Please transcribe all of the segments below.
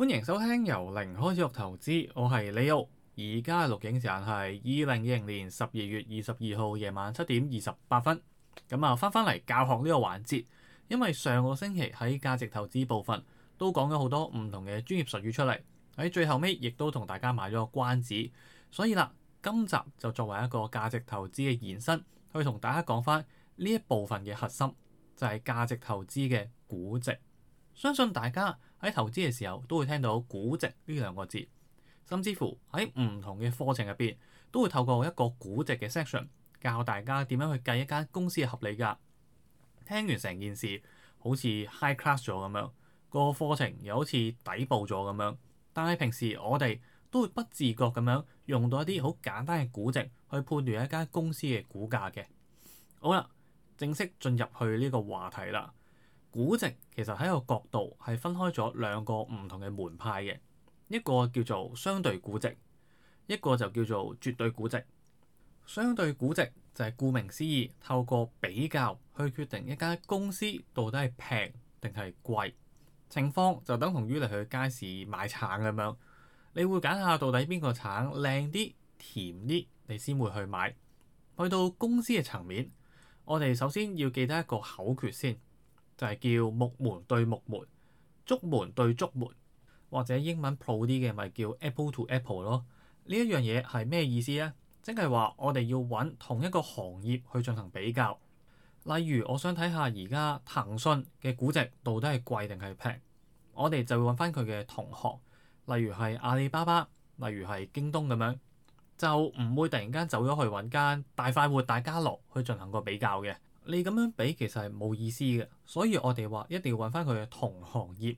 歡迎收聽由零開始學投資，我係李奧。而家錄影時間係二零二零年十二月二十二號夜晚七點二十八分。咁啊，返返嚟教學呢個環節，因為上個星期喺價值投資部分都講咗好多唔同嘅專業術語出嚟，喺最後尾亦都同大家賣咗個關子。所以啦，今集就作為一個價值投資嘅延伸，去同大家講返呢一部分嘅核心就係、是、價值投資嘅估值。相信大家。喺投資嘅時候都會聽到估值呢兩個字，甚至乎喺唔同嘅課程入邊都會透過一個估值嘅 section 教大家點樣去計一間公司嘅合理價。聽完成件事好似 high class 咗咁樣，個課程又好似底部咗咁樣。但係平時我哋都會不自覺咁樣用到一啲好簡單嘅估值去判斷一間公司嘅股價嘅。好啦，正式進入去呢個話題啦。估值其實喺個角度係分開咗兩個唔同嘅門派嘅，一個叫做相對估值，一個就叫做絕對估值。相對估值就係顧名思義，透過比較去決定一間公司到底係平定係貴，情況就等同於你去街市買橙咁樣，你會揀下到底邊個橙靚啲、甜啲，你先會去買。去到公司嘅層面，我哋首先要記得一個口訣先。就係叫木門對木門、竹門對竹門，或者英文 pro 啲嘅咪叫 apple to apple 咯。呢一樣嘢係咩意思咧？即係話我哋要揾同一個行業去進行比較。例如，我想睇下而家騰訊嘅估值到底係貴定係平，我哋就會揾翻佢嘅同行，例如係阿里巴巴、例如係京東咁樣，就唔會突然間走咗去揾間大快活、大家樂去進行個比較嘅。你咁樣比其實係冇意思嘅，所以我哋話一定要揾翻佢嘅同行業。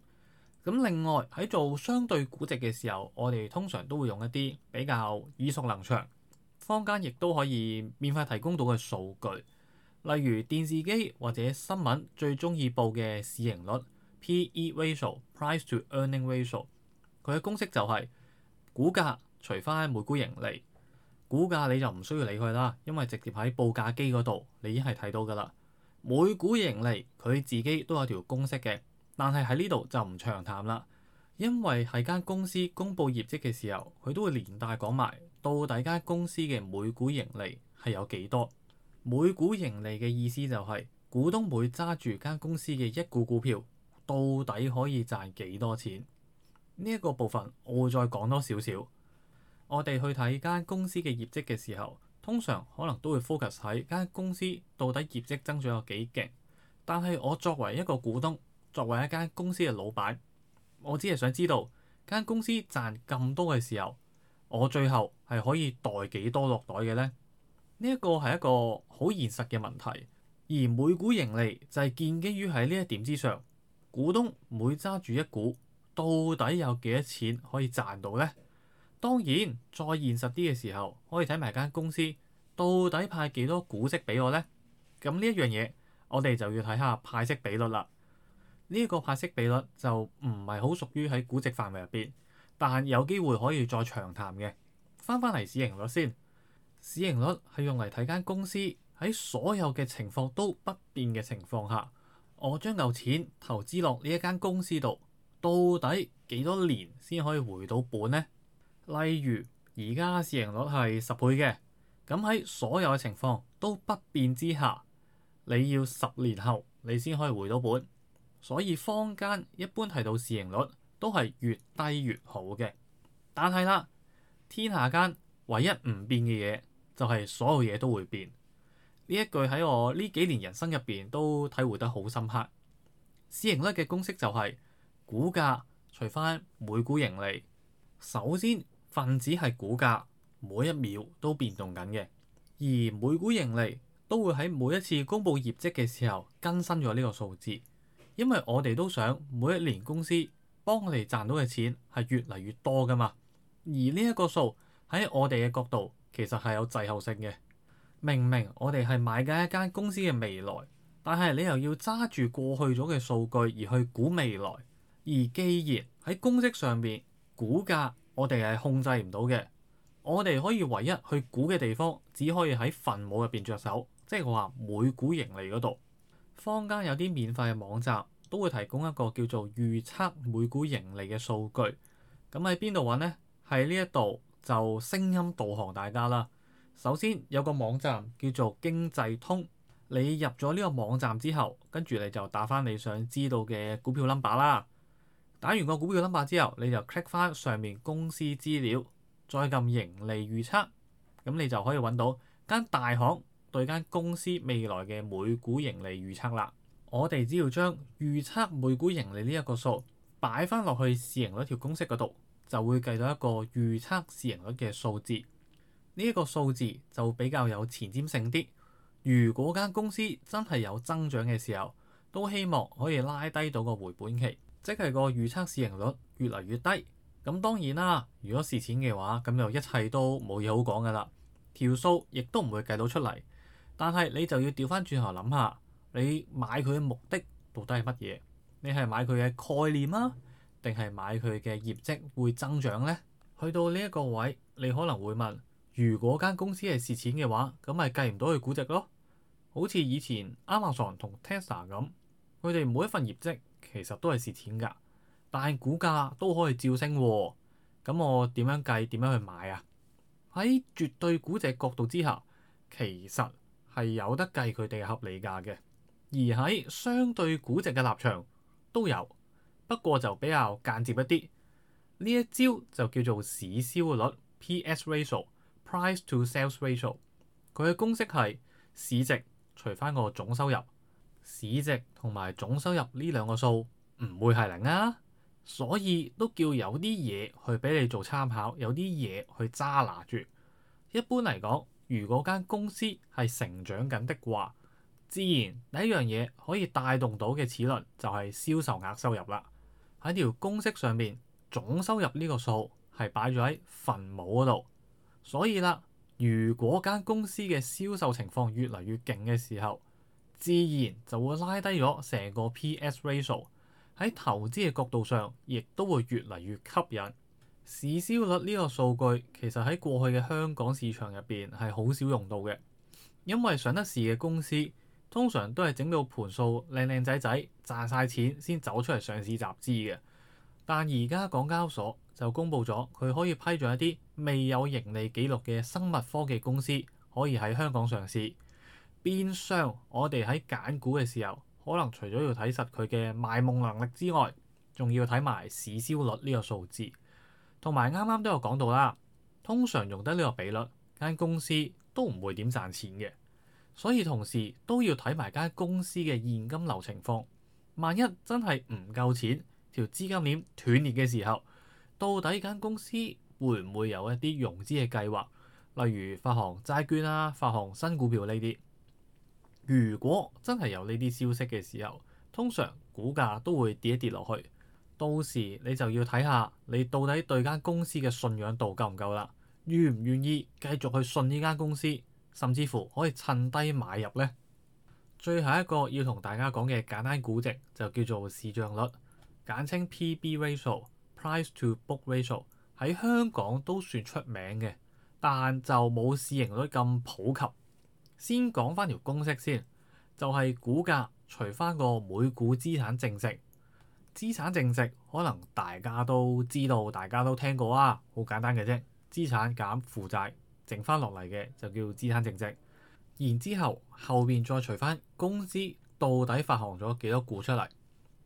咁另外喺做相對估值嘅時候，我哋通常都會用一啲比較耳熟能詳、坊間亦都可以免費提供到嘅數據，例如電視機或者新聞最中意報嘅市盈率 （P/E ratio，Price to earning ratio）。佢嘅公式就係股價除翻每股盈利。股價你就唔需要理佢啦，因為直接喺報價機嗰度你已經係睇到㗎啦。每股盈利佢自己都有條公式嘅，但係喺呢度就唔長談啦，因為係間公司公佈業績嘅時候，佢都會連帶講埋到底間公司嘅每股盈利係有幾多。每股盈利嘅意思就係，股東每揸住間公司嘅一股股票，到底可以賺幾多錢？呢一個部分我會再講多少少。我哋去睇間公司嘅業績嘅時候，通常可能都會 focus 喺間公司到底業績增長有幾勁。但係我作為一個股東，作為一間公司嘅老闆，我只係想知道間公司賺咁多嘅時候，我最後係可以袋幾多落袋嘅咧？呢一個係一個好現實嘅問題。而每股盈利就係建基於喺呢一點之上，股東每揸住一股，到底有幾多錢可以賺到咧？當然，再現實啲嘅時候，可以睇埋間公司到底派幾多股息俾我咧。咁呢一樣嘢，我哋就要睇下派息比率啦。呢、呢個派息比率就唔係好屬於喺估值範圍入邊，但有機會可以再長談嘅。翻翻嚟市盈率先，市盈率係用嚟睇間公司喺所有嘅情況都不變嘅情況下，我將嚿錢投資落呢一間公司度，到底幾多年先可以回到本咧？例如而家市盈率係十倍嘅，咁喺所有嘅情況都不變之下，你要十年後你先可以回到本，所以坊間一般提到市盈率都係越低越好嘅。但係啦，天下間唯一唔變嘅嘢就係所有嘢都會變。呢一句喺我呢幾年人生入邊都體會得好深刻。市盈率嘅公式就係股價除翻每股盈利，首先。分子係股價，每一秒都變動緊嘅。而每股盈利都會喺每一次公佈業績嘅時候更新咗呢個數字，因為我哋都想每一年公司幫我哋賺到嘅錢係越嚟越多噶嘛。而呢一個數喺我哋嘅角度其實係有滯後性嘅。明明我哋係買緊一間公司嘅未來，但係你又要揸住過去咗嘅數據而去估未來，而既然喺公式上面股價，我哋係控制唔到嘅，我哋可以唯一去估嘅地方，只可以喺分母入面着手。即係話每股盈利嗰度，坊間有啲免費嘅網站都會提供一個叫做預測每股盈利嘅數據。咁喺邊度揾咧？喺呢一度就聲音導航大家啦。首先有個網站叫做經濟通，你入咗呢個網站之後，跟住你就打返你想知道嘅股票 number 啦。打完個股票 number 之後，你就 click 翻上面公司資料，再撳盈利預測，咁你就可以揾到間大行對間公司未來嘅每股盈利預測啦。我哋只要將預測每股盈利呢一個數擺翻落去市盈率條公式嗰度，就會計到一個預測市盈率嘅數字。呢一個數字就比較有前瞻性啲。如果間公司真係有增長嘅時候，都希望可以拉低到個回本期。即係個預測市盈率越嚟越低，咁當然啦。如果蝕錢嘅話，咁就一切都冇嘢好講㗎啦。條數亦都唔會計到出嚟，但係你就要調翻轉頭諗下，你買佢嘅目的到底係乜嘢？你係買佢嘅概念啊，定係買佢嘅業績會增長咧？去到呢一個位，你可能會問：如果間公司係蝕錢嘅話，咁咪計唔到佢估值咯？好似以前 Amazon 同 Tesla 咁，佢哋每一份業績，其實都係蝕錢㗎，但係股價都可以照升喎，啊。咁我點樣計？點樣去買啊？喺絕對估值角度之下，其實係有得計佢哋嘅合理價嘅，而喺相對估值嘅立場都有，不過就比較間接一啲。呢一招就叫做市銷率 （P/S ratio，Price to Sales Ratio）。佢嘅公式係市值除翻個總收入。市值同埋總收入呢兩個數唔會係零啊，所以都叫有啲嘢，去俾你做參考，有啲嘢去揸拿住。一般嚟講，如果間公司係成長緊的話，自然第一樣嘢可以帶動到嘅齒輪就係銷售額收入啦。喺條公式上面，總收入呢個數係擺咗喺分母嗰度，所以啦，如果間公司嘅銷售情況越嚟越勁嘅時候，自然就會拉低咗成個 P/S ratio，喺投資嘅角度上，亦都會越嚟越吸引。市銷率呢個數據其實喺過去嘅香港市場入邊係好少用到嘅，因為上得市嘅公司通常都係整到盤數靚靚仔仔賺晒錢先走出嚟上市集資嘅。但而家港交所就公布咗，佢可以批准一啲未有盈利記錄嘅生物科技公司可以喺香港上市。邊廂？變相我哋喺揀股嘅時候，可能除咗要睇實佢嘅賣夢能力之外，仲要睇埋市銷率呢個數字。同埋啱啱都有講到啦，通常用得呢個比率間公司都唔會點賺錢嘅，所以同時都要睇埋間公司嘅現金流情況。萬一真係唔夠錢，條資金鏈斷裂嘅時候，到底間公司會唔會有一啲融資嘅計劃，例如發行債券啦、發行新股票呢啲？如果真係有呢啲消息嘅時候，通常股價都會跌一跌落去。到時你就要睇下你到底對間公司嘅信仰度夠唔夠啦，願唔願意繼續去信呢間公司，甚至乎可以趁低買入呢。最後一個要同大家講嘅簡單估值就叫做市賬率，簡稱 P/B ratio、Price to Book ratio，喺香港都算出名嘅，但就冇市盈率咁普及。先講翻條公式先，就係、是、股價除翻個每股資產淨值。資產淨值可能大家都知道，大家都聽過啊，好簡單嘅啫。資產減負債，剩翻落嚟嘅就叫資產淨值。然之後後面再除翻公司到底發行咗幾多股出嚟，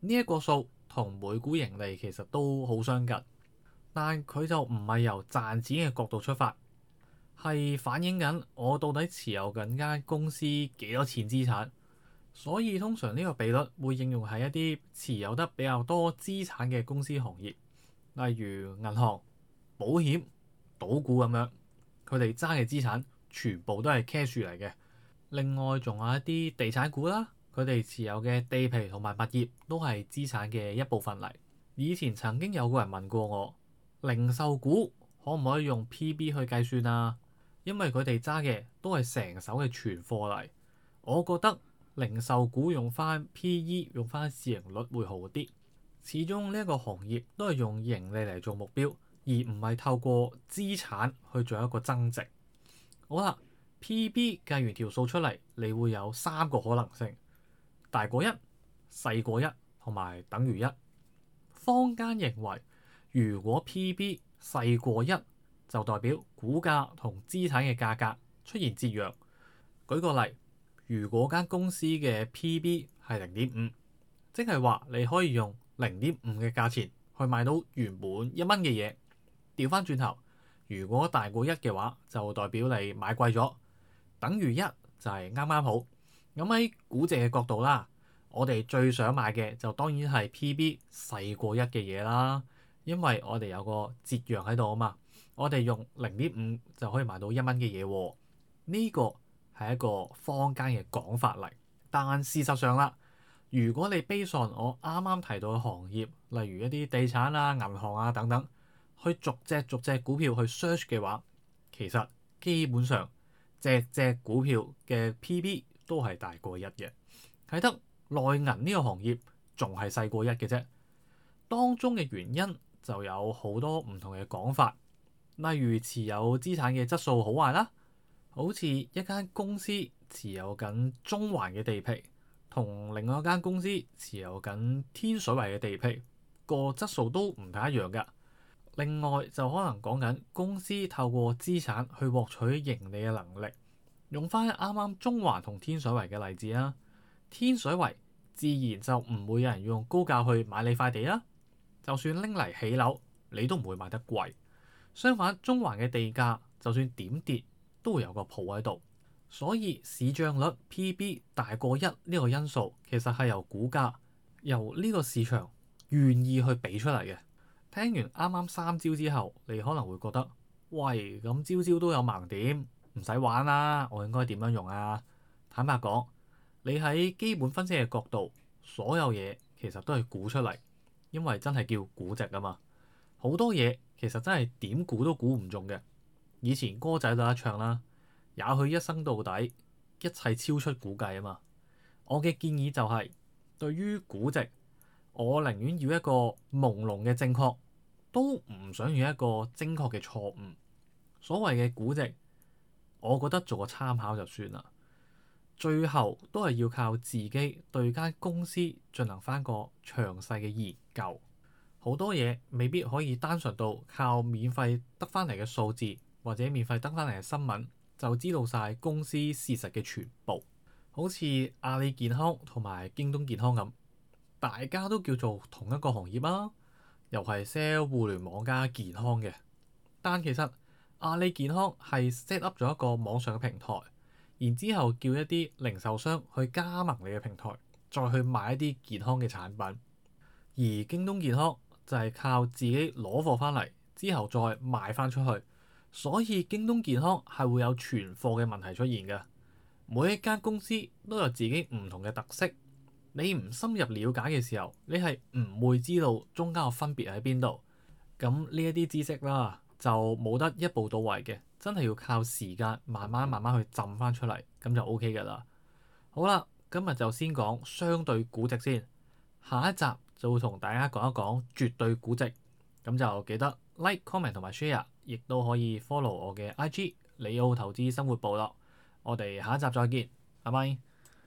呢、這、一個數同每股盈利其實都好相近，但佢就唔係由賺錢嘅角度出發。係反映緊我到底持有緊間公司幾多錢資產，所以通常呢個比率會應用喺一啲持有得比較多資產嘅公司行業，例如銀行、保險、賭股咁樣，佢哋揸嘅資產全部都係 cash 嚟嘅。另外仲有一啲地產股啦，佢哋持有嘅地皮同埋物業都係資產嘅一部分嚟。以前曾經有個人問過我，零售股可唔可以用 P/B 去計算啊？因為佢哋揸嘅都係成手嘅存貨嚟，我覺得零售股用翻 P/E 用翻市盈率會好啲。始終呢個行業都係用盈利嚟做目標，而唔係透過資產去做一個增值。好啦，P/B 計完條數出嚟，你會有三個可能性：大過一、細過一，同埋等於一。坊間認為，如果 P/B 細過一，就代表股價同資產嘅價格出現折讓。舉個例，如果間公司嘅 P/B 係零點五，即係話你可以用零點五嘅價錢去買到原本一蚊嘅嘢。調翻轉頭，如果大過一嘅話，就代表你買貴咗。等於一就係啱啱好。咁喺估值嘅角度啦，我哋最想買嘅就當然係 P/B 細過一嘅嘢啦，因為我哋有個折讓喺度啊嘛。我哋用零點五就可以買到一蚊嘅嘢，呢個係一個坊間嘅講法嚟。但事實上啦，如果你 base on 我啱啱提到嘅行業，例如一啲地產啊、銀行啊等等，去逐隻逐隻股票去 search 嘅話，其實基本上隻隻股票嘅 P/B 都係大過一嘅，睇得內銀呢個行業仲係細過一嘅啫。當中嘅原因就有好多唔同嘅講法。例如持有資產嘅質素好壞啦，好似一間公司持有緊中環嘅地皮，同另外一間公司持有緊天水圍嘅地皮，個質素都唔太一樣㗎。另外就可能講緊公司透過資產去獲取盈利嘅能力。用翻啱啱中環同天水圍嘅例子啦，天水圍自然就唔會有人用高價去買你塊地啦。就算拎嚟起樓，你都唔會買得貴。相反，中環嘅地價就算點跌都會有個譜喺度，所以市帳率 P/B 大過一呢個因素，其實係由股價由呢個市場願意去畀出嚟嘅。聽完啱啱三招之後，你可能會覺得：喂，咁招招都有盲點，唔使玩啦。我應該點樣用啊？坦白講，你喺基本分析嘅角度，所有嘢其實都係估出嚟，因為真係叫估值㗎嘛。好多嘢其實真係點估都估唔中嘅。以前歌仔都有得唱啦，也許一生到底一切超出估計啊嘛。我嘅建議就係，對於估值，我寧願要一個朦朧嘅正確，都唔想要一個精確嘅錯誤。所謂嘅估值，我覺得做個參考就算啦。最後都係要靠自己對間公司進行翻個詳細嘅研究。好多嘢未必可以單純到靠免費得翻嚟嘅數字或者免費得翻嚟嘅新聞，就知道晒公司事實嘅全部。好似阿里健康同埋京東健康咁，大家都叫做同一個行業啊，又係 sell 互聯網加健康嘅。但其實阿里健康係 set up 咗一個網上嘅平台，然之後叫一啲零售商去加盟你嘅平台，再去賣一啲健康嘅產品，而京東健康，就係靠自己攞貨翻嚟之後再賣翻出去，所以京東健康係會有存貨嘅問題出現嘅。每一間公司都有自己唔同嘅特色，你唔深入了解嘅時候，你係唔會知道中間嘅分別喺邊度。咁呢一啲知識啦，就冇得一步到位嘅，真係要靠時間慢慢慢慢去浸翻出嚟，咁就 OK 噶啦。好啦，今日就先講相對估值先，下一集，就會同大家講一講絕對估值，咁就記得 like comment、comment 同埋 share，亦都可以 follow 我嘅 IG 李奧投資生活部落，我哋下一集再見，拜拜。